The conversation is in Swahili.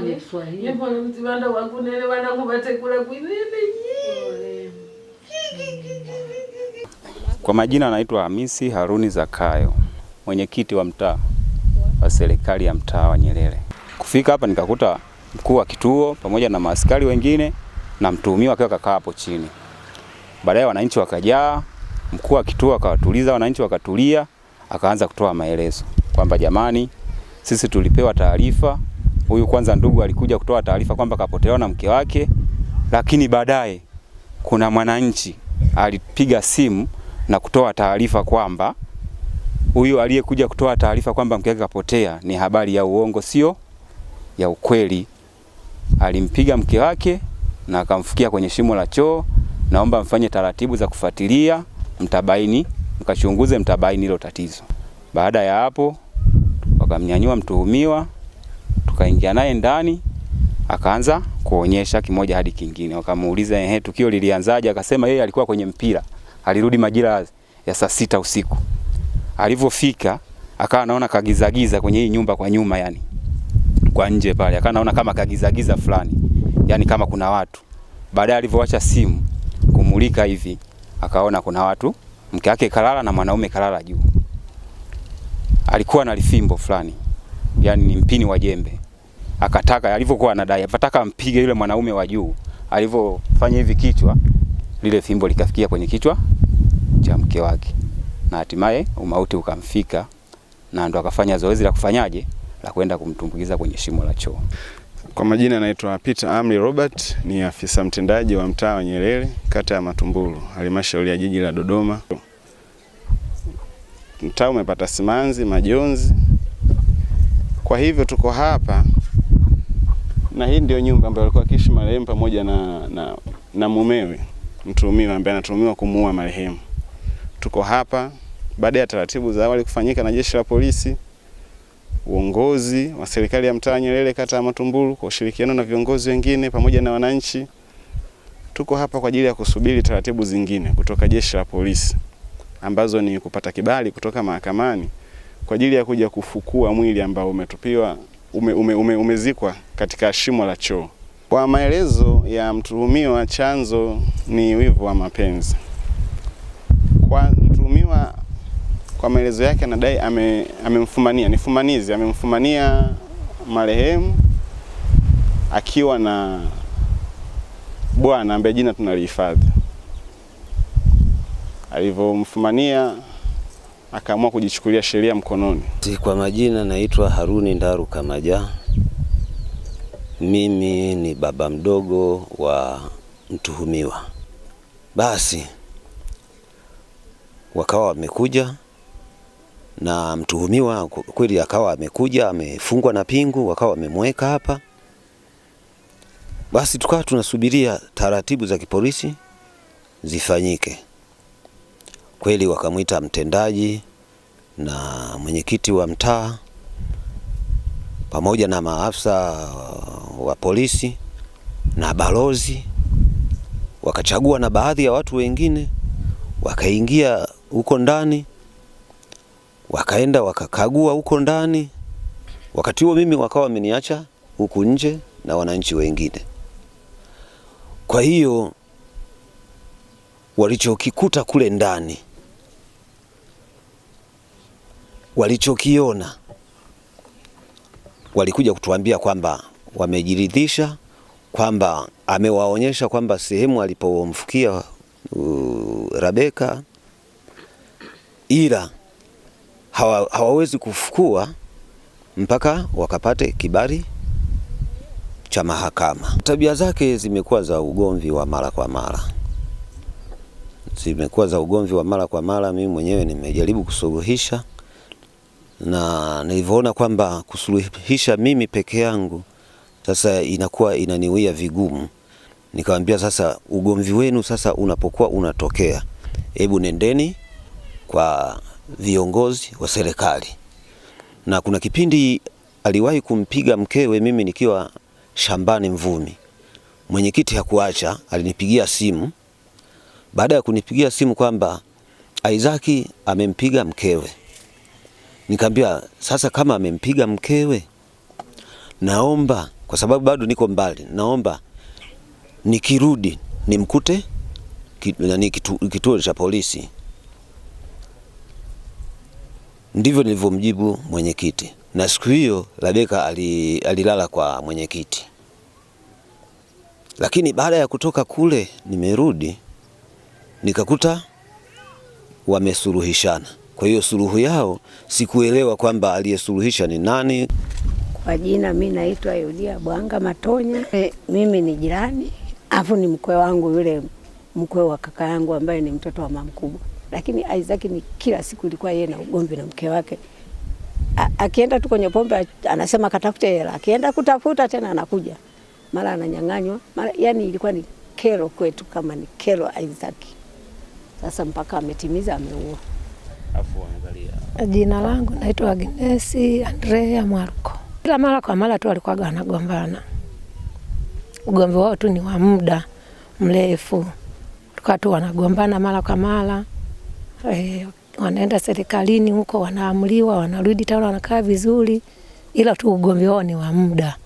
ni Kiswahili. ni wangu nene kwinene. Kwa majina anaitwa Hamisi Haruni Zakayo, mwenyekiti wa mtaa wa serikali ya mtaa wa Nyerere. Kufika hapa nikakuta mkuu wa kituo pamoja na maaskari wengine na mtuhumiwa akiwa kakaa hapo chini. Baadaye wananchi wakajaa, mkuu wa kituo akawatuliza wananchi, wakatulia, akaanza kutoa maelezo kwamba jamani, sisi tulipewa taarifa Huyu kwanza ndugu alikuja kutoa taarifa kwamba kapotelewa na mke wake, lakini baadaye kuna mwananchi alipiga simu na kutoa taarifa kwamba huyu aliyekuja kutoa taarifa kwamba mke wake kapotea ni habari ya uongo, sio ya ukweli. Alimpiga mke wake na akamfukia kwenye shimo la choo. Naomba mfanye taratibu za kufuatilia, mtabaini, mkachunguze, mtabaini hilo tatizo. Baada ya hapo, wakamnyanyua mtuhumiwa. Tukaingia naye ndani, akaanza kuonyesha kimoja hadi kingine. Wakamuuliza ehe, tukio lilianzaje? Akasema yeye alikuwa kwenye mpira, alirudi majira ya saa sita usiku. Alivyofika akawa anaona kagizagiza kwenye hii nyumba kwa nyuma, yani kwa nje pale, akawa anaona kama kagizagiza fulani, yani kama kuna watu. Baadaye alivyoacha simu kumulika hivi, akaona kuna watu, mke wake kalala na mwanaume kalala juu, alikuwa na lifimbo fulani yani ni mpini wa jembe. Akataka alivyokuwa anadai, apataka ampige yule mwanaume wa juu, alivyofanya hivi kichwa lile fimbo likafikia kwenye kichwa cha mke wake, na hatimaye umauti ukamfika, na ndo akafanya zoezi la kufanyaje la kwenda kumtumbukiza kwenye shimo la choo. Kwa majina anaitwa Peter Amri Robert, ni afisa mtendaji wa mtaa wa Nyerere, kata ya Matumbulu, halmashauri ya jiji la Dodoma. Mtaa umepata simanzi, majonzi kwa hivyo tuko hapa na hii ndio nyumba ambayo alikuwa akiishi marehemu pamoja na, na, na mumewe mtuhumiwa ambaye anatuhumiwa kumuua marehemu. Tuko hapa baada ya taratibu za awali kufanyika na jeshi la polisi, uongozi wa serikali ya mtaa Nyerere kata ya Matumbulu kwa ushirikiano na viongozi wengine pamoja na wananchi. Tuko hapa kwa ajili ya kusubiri taratibu zingine kutoka jeshi la polisi ambazo ni kupata kibali kutoka mahakamani kwa ajili ya kuja kufukua mwili ambao umetupiwa ume, ume, ume, umezikwa katika shimo la choo. Kwa maelezo ya mtuhumiwa, chanzo ni wivu wa mapenzi. Kwa mtuhumiwa, kwa maelezo yake anadai ame, amemfumania, ni fumanizi, amemfumania marehemu akiwa na bwana ambaye jina tunalihifadhi. Alivyomfumania akaamua kujichukulia sheria mkononi. Kwa majina naitwa Haruni Ndaru Kamaja. Mimi ni baba mdogo wa mtuhumiwa. Basi wakawa wamekuja na mtuhumiwa kweli, akawa amekuja amefungwa na pingu, wakawa wamemweka hapa. Basi tukawa tunasubiria taratibu za kipolisi zifanyike kweli wakamwita mtendaji na mwenyekiti wa mtaa pamoja na maafisa wa polisi na balozi, wakachagua na baadhi ya watu wengine, wakaingia huko ndani, wakaenda wakakagua huko ndani. Wakati huo mimi wakawa wameniacha huku nje na wananchi wengine. Kwa hiyo walichokikuta kule ndani walichokiona walikuja kutuambia kwamba wamejiridhisha kwamba amewaonyesha kwamba sehemu alipomfukia uh, Rabeka, ila hawa, hawawezi kufukua mpaka wakapate kibali cha mahakama. Tabia zake zimekuwa za ugomvi wa mara kwa mara, zimekuwa za ugomvi wa mara kwa mara. Mimi mwenyewe nimejaribu kusuluhisha na nilivyoona kwamba kusuluhisha mimi peke yangu sasa inakuwa inaniwia vigumu, nikamwambia sasa, ugomvi wenu sasa unapokuwa unatokea, hebu nendeni kwa viongozi wa serikali. Na kuna kipindi aliwahi kumpiga mkewe, mimi nikiwa shambani Mvumi. Mwenyekiti hakuacha, alinipigia simu. Baada ya kunipigia simu kwamba Aizaki amempiga mkewe Nikamwambia sasa, kama amempiga mkewe, naomba kwa sababu bado niko mbali, naomba nikirudi nimkute nani kituo cha polisi. Ndivyo nilivyomjibu mwenyekiti, na siku hiyo Rebeka alilala kwa mwenyekiti. Lakini baada ya kutoka kule, nimerudi nikakuta wamesuluhishana. Kwa hiyo suluhu yao sikuelewa kwamba aliyesuluhisha ni nani. Kwa jina mi naitwa Yudia Bwanga Matonya. E, mimi ni jirani afu ni mkwe wangu yule mkwe wa kaka yangu ambaye ni mtoto wa mama mkubwa, lakini Isaac ni kila siku ilikuwa yeye na ugomvi na mke wake. A, akienda tu kwenye pombe anasema katafute hela, akienda kutafuta tena anakuja mara ananyang'anywa mara, yani ilikuwa ni kero kwetu, kama ni kero Isaac. Sasa mpaka ametimiza ameua afu angalia. Jina langu naitwa Agnesi Andrea Marco. Kila mara kwa mara tu walikuwa wanagombana, ugomvi wao tu ni wa muda mrefu, walikuwa tu wanagombana mara kwa mara e, wanaenda serikalini huko, wanaamliwa, wanarudi tena wanakaa vizuri, ila tu ugomvi wao ni wa muda.